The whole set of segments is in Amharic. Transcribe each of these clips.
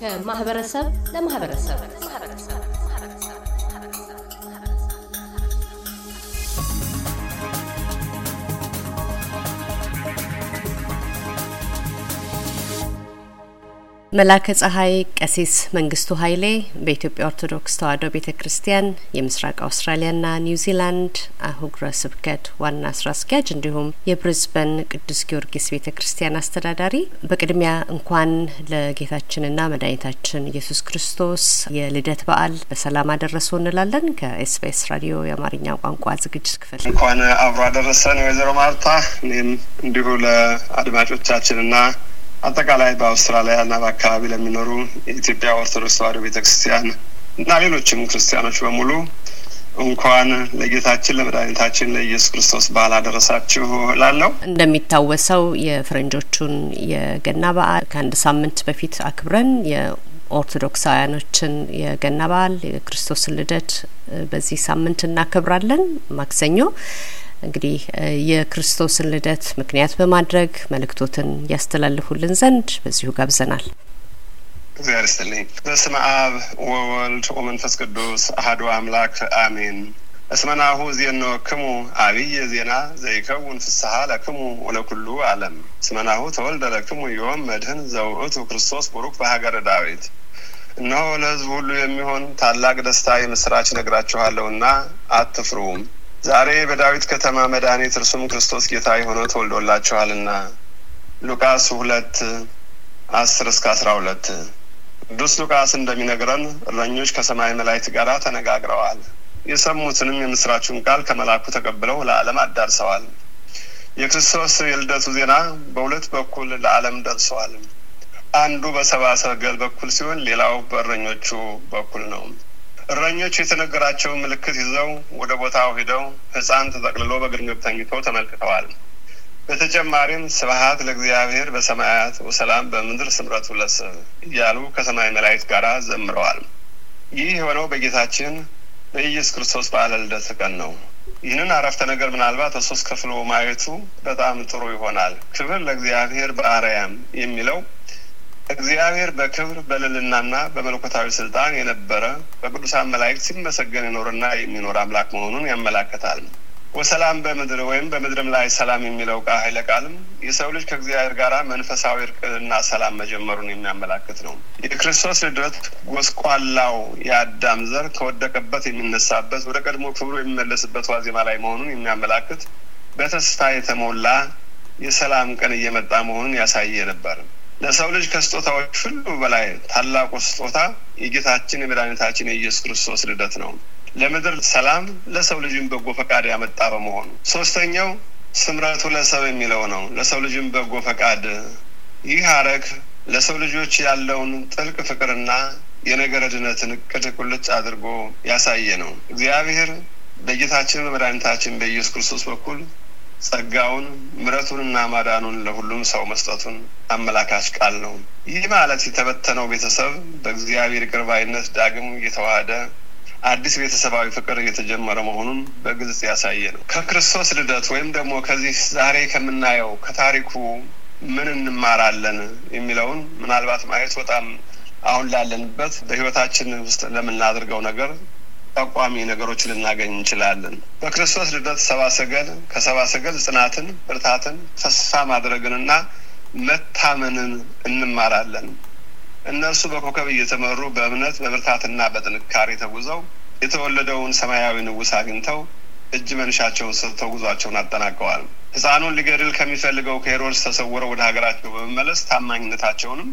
ከማህበረሰብ ለማህበረሰብ መላከ ጸሐይ ቀሲስ መንግስቱ ኃይሌ በኢትዮጵያ ኦርቶዶክስ ተዋህዶ ቤተ ክርስቲያን የምስራቅ ና ኒውዚላንድ ሀገረ ስብከት ዋና ስራ አስኪያጅ እንዲሁም የብሪዝበን ቅዱስ ጊዮርጊስ ቤተ ክርስቲያን አስተዳዳሪ፣ በቅድሚያ እንኳን ለጌታችንና መድኃኒታችን ኢየሱስ ክርስቶስ የልደት በዓል በሰላም አደረሱ እንላለን። ከኤስቢኤስ ራዲዮ የአማርኛ ቋንቋ ዝግጅት ክፍል እንኳን አብሮ አደረሰን ወይዘሮ ማርታ። እኔም እንዲሁ ለአድማጮቻችንና አጠቃላይ በአውስትራሊያ በአካባቢ ለሚኖሩ የኢትዮጵያ ኦርቶዶክስ ተዋሕዶ ቤተክርስቲያን እና ሌሎችም ክርስቲያኖች በሙሉ እንኳን ለጌታችን ለመድኃኒታችን ለኢየሱስ ክርስቶስ በዓል አደረሳችሁ እላለሁ። እንደሚታወሰው የፈረንጆቹን የገና በዓል ከአንድ ሳምንት በፊት አክብረን የኦርቶዶክሳውያኖችን የገና በዓል የክርስቶስን ልደት በዚህ ሳምንት እናከብራለን ማክሰኞ እንግዲህ የክርስቶስን ልደት ምክንያት በማድረግ መልእክቶትን ያስተላልፉልን ዘንድ በዚሁ ጋብዘናል። እግዚአብሔር ይስጥልኝ። በስመ አብ ወወልድ ወመንፈስ ቅዱስ አህዶ አምላክ አሜን። እስመናሁ ክሙ አብይ ዜና ዘይከውን ፍስሐ ለክሙ ወለኩሉ ዓለም እስመናሁ ተወልደ ለክሙ ዮም መድህን ዘውእቱ ክርስቶስ ቡሩክ በሀገረ ዳዊት። እነሆ ለሕዝብ ሁሉ የሚሆን ታላቅ ደስታ የምስራች ነግራችኋለሁና አትፍሩም። ዛሬ በዳዊት ከተማ መድኃኒት እርሱም ክርስቶስ ጌታ የሆነ ተወልዶላችኋልና ሉቃስ ሁለት አስር እስከ አስራ ሁለት ቅዱስ ሉቃስ እንደሚነግረን እረኞች ከሰማይ መላእክት ጋር ተነጋግረዋል። የሰሙትንም የምስራቹን ቃል ከመላኩ ተቀብለው ለዓለም አዳርሰዋል። የክርስቶስ የልደቱ ዜና በሁለት በኩል ለዓለም ደርሰዋል። አንዱ በሰባ ሰገል በኩል ሲሆን፣ ሌላው በእረኞቹ በኩል ነው። እረኞቹ የተነገራቸውን ምልክት ይዘው ወደ ቦታው ሂደው ሕፃን ተጠቅልሎ በግርግብ ተኝቶ ተመልክተዋል። በተጨማሪም ስብሀት ለእግዚአብሔር በሰማያት ወሰላም በምድር ስምረቱ ለሰብ እያሉ ከሰማይ መላእክት ጋር ዘምረዋል። ይህ የሆነው በጌታችን በኢየሱስ ክርስቶስ በዓለ ልደት ቀን ነው። ይህንን አረፍተ ነገር ምናልባት በሶስት ከፍሎ ማየቱ በጣም ጥሩ ይሆናል። ክብር ለእግዚአብሔር በአርያም የሚለው እግዚአብሔር በክብር በልልናና በመለኮታዊ ስልጣን የነበረ በቅዱሳን መላእክት ሲመሰገን የኖርና የሚኖር አምላክ መሆኑን ያመላከታል። ወሰላም በምድር ወይም በምድርም ላይ ሰላም የሚለው ኃይለ ቃልም የሰው ልጅ ከእግዚአብሔር ጋር መንፈሳዊ እርቅና ሰላም መጀመሩን የሚያመላክት ነው። የክርስቶስ ልደት ጎስቋላው የአዳም ዘር ከወደቀበት የሚነሳበት ወደ ቀድሞ ክብሩ የሚመለስበት ዋዜማ ላይ መሆኑን የሚያመላክት በተስፋ የተሞላ የሰላም ቀን እየመጣ መሆኑን ያሳየ ነበር። ለሰው ልጅ ከስጦታዎች ሁሉ በላይ ታላቁ ስጦታ የጌታችን የመድኃኒታችን የኢየሱስ ክርስቶስ ልደት ነው። ለምድር ሰላም ለሰው ልጅም በጎ ፈቃድ ያመጣ በመሆኑ ሶስተኛው ስምረቱ ለሰብ የሚለው ነው። ለሰው ልጅም በጎ ፈቃድ ይህ አረግ ለሰው ልጆች ያለውን ጥልቅ ፍቅርና የነገረ ድነትን እቅድ ቁልጭ አድርጎ ያሳየ ነው። እግዚአብሔር በጌታችን በመድኃኒታችን በኢየሱስ ክርስቶስ በኩል ጸጋውን ምረቱንና ማዳኑን ለሁሉም ሰው መስጠቱን አመላካች ቃል ነው። ይህ ማለት የተበተነው ቤተሰብ በእግዚአብሔር ቅርባይነት ዳግም እየተዋሃደ አዲስ ቤተሰባዊ ፍቅር እየተጀመረ መሆኑን በግልጽ ያሳየ ነው። ከክርስቶስ ልደት ወይም ደግሞ ከዚህ ዛሬ ከምናየው ከታሪኩ ምን እንማራለን የሚለውን ምናልባት ማየት በጣም አሁን ላለንበት በህይወታችን ውስጥ ለምናደርገው ነገር ጠቋሚ ነገሮች ልናገኝ እንችላለን። በክርስቶስ ልደት ሰባሰገል ከሰባሰገል ጽናትን፣ ብርታትን፣ ተስፋ ማድረግንና መታመንን እንማራለን። እነርሱ በኮከብ እየተመሩ በእምነት በብርታትና በጥንካሬ ተጉዘው የተወለደውን ሰማያዊ ንጉሥ አግኝተው እጅ መንሻቸውን ሰጥተው ጉዟቸውን አጠናቀዋል። ሕፃኑን ሊገድል ከሚፈልገው ከሄሮድስ ተሰውረው ወደ ሀገራቸው በመመለስ ታማኝነታቸውንም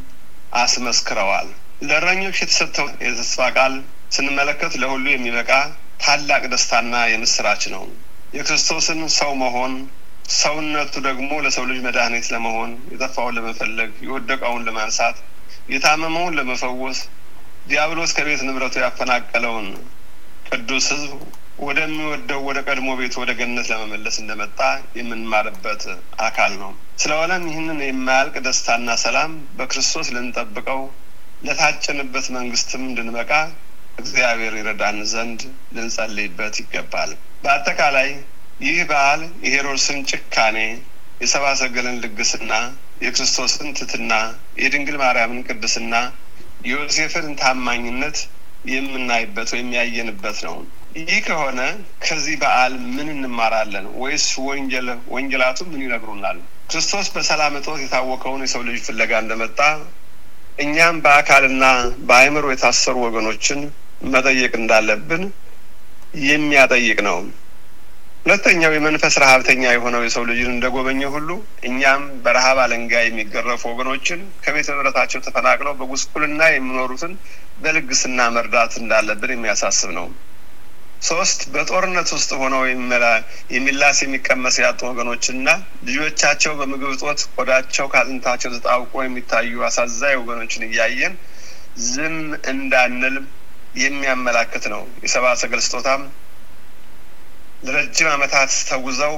አስመስክረዋል። ለእረኞች የተሰጠው የተስፋ ቃል ስንመለከት ለሁሉ የሚበቃ ታላቅ ደስታና የምስራች ነው። የክርስቶስን ሰው መሆን ሰውነቱ ደግሞ ለሰው ልጅ መድኃኒት ለመሆን የጠፋውን ለመፈለግ የወደቀውን ለማንሳት የታመመውን ለመፈወስ ዲያብሎስ ከቤት ንብረቱ ያፈናቀለውን ቅዱስ ሕዝብ ወደሚወደው ወደ ቀድሞ ቤቱ ወደ ገነት ለመመለስ እንደመጣ የምንማርበት አካል ነው። ስለሆነም ይህንን የማያልቅ ደስታና ሰላም በክርስቶስ ልንጠብቀው ለታጨንበት መንግስትም እንድንበቃ እግዚአብሔር ይረዳን ዘንድ ልንጸልይበት ይገባል። በአጠቃላይ ይህ በዓል የሄሮድስን ጭካኔ፣ የሰብአ ልግስና፣ የክርስቶስን ትትና የድንግል ማርያምን ቅድስና የዮሴፍን ታማኝነት የምናይበት ወይም ያየንበት ነው። ይህ ከሆነ ከዚህ በዓል ምን እንማራለን? ወይስ ወንጀል ወንጀላቱ ምን ይነግሩናል? ክርስቶስ በሰላም እጦት የታወከውን የሰው ልጅ ፍለጋ እንደመጣ እኛም በአካልና በአእምሮ የታሰሩ ወገኖችን መጠየቅ እንዳለብን የሚያጠይቅ ነው። ሁለተኛው የመንፈስ ረሀብተኛ የሆነው የሰው ልጅን እንደጎበኘ ሁሉ እኛም በረሀብ አለንጋ የሚገረፉ ወገኖችን ከቤት ንብረታቸው ተፈናቅለው በጉስቁልና የሚኖሩትን በልግስና መርዳት እንዳለብን የሚያሳስብ ነው። ሶስት በጦርነት ውስጥ ሆነው የሚላስ የሚቀመስ ያጡ ወገኖችና ልጆቻቸው በምግብ እጦት ቆዳቸው ከአጥንታቸው ተጣብቆ የሚታዩ አሳዛኝ ወገኖችን እያየን ዝም እንዳንል የሚያመላክት ነው። የሰብአ ሰገል ስጦታም ለረጅም ዓመታት ተጉዘው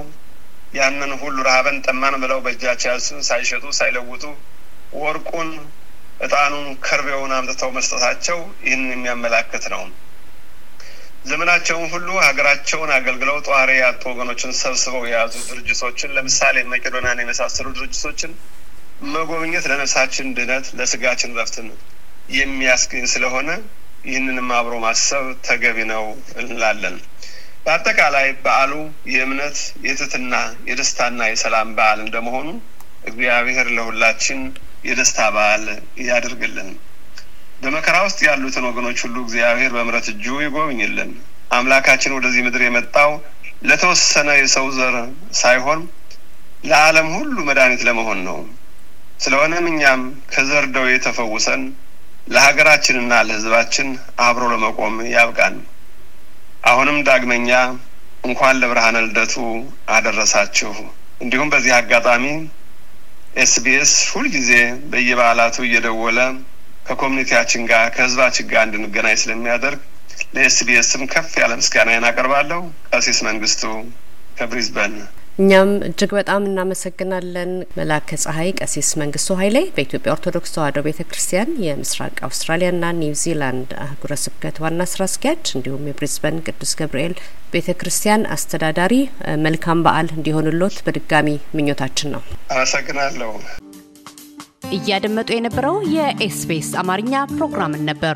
ያንን ሁሉ ረሃበን ጠማን ብለው በእጃቸው ያዙትን ሳይሸጡ ሳይለውጡ ወርቁን፣ እጣኑን፣ ከርቤውን አምጥተው መስጠታቸው ይህንን የሚያመላክት ነው። ዘመናቸውን ሁሉ ሀገራቸውን አገልግለው ጧሪ ያጡ ወገኖችን ሰብስበው የያዙ ድርጅቶችን ለምሳሌ መቄዶንያን የመሳሰሉ ድርጅቶችን መጎብኘት ለነፍሳችን ድነት ለስጋችን ረፍትን የሚያስገኝ ስለሆነ ይህንንም አብሮ ማሰብ ተገቢ ነው እንላለን። በአጠቃላይ በዓሉ የእምነት የትትና የደስታና የሰላም በዓል እንደመሆኑ እግዚአብሔር ለሁላችን የደስታ በዓል እያደርግልን በመከራ ውስጥ ያሉትን ወገኖች ሁሉ እግዚአብሔር በምረት እጁ ይጎብኝልን። አምላካችን ወደዚህ ምድር የመጣው ለተወሰነ የሰው ዘር ሳይሆን ለዓለም ሁሉ መድኃኒት ለመሆን ነው። ስለሆነም እኛም ከዘር ደዌ ተፈውሰን ለሀገራችንና ለሕዝባችን አብሮ ለመቆም ያብቃን። አሁንም ዳግመኛ እንኳን ለብርሃነ ልደቱ አደረሳችሁ። እንዲሁም በዚህ አጋጣሚ ኤስቢኤስ ሁልጊዜ በየበዓላቱ እየደወለ ከኮሚኒቲያችን ጋር ከህዝባችን ጋር እንድንገናኝ ስለሚያደርግ ለኤስቢኤስም ከፍ ያለ ምስጋናዬን አቀርባለሁ። ቀሲስ መንግስቱ ከብሪዝበን እኛም እጅግ በጣም እናመሰግናለን። መላከ ጸሀይ ቀሲስ መንግስቱ ኃይሌ በኢትዮጵያ ኦርቶዶክስ ተዋህዶ ቤተ ክርስቲያን የምስራቅ አውስትራሊያና ኒውዚላንድ አህጉረ ስብከት ዋና ስራ አስኪያጅ እንዲሁም የብሪዝበን ቅዱስ ገብርኤል ቤተ ክርስቲያን አስተዳዳሪ፣ መልካም በዓል እንዲሆንሎት በድጋሚ ምኞታችን ነው። አመሰግናለሁ። እያደመጡ የነበረው የኤስቢኤስ አማርኛ ፕሮግራምን ነበር።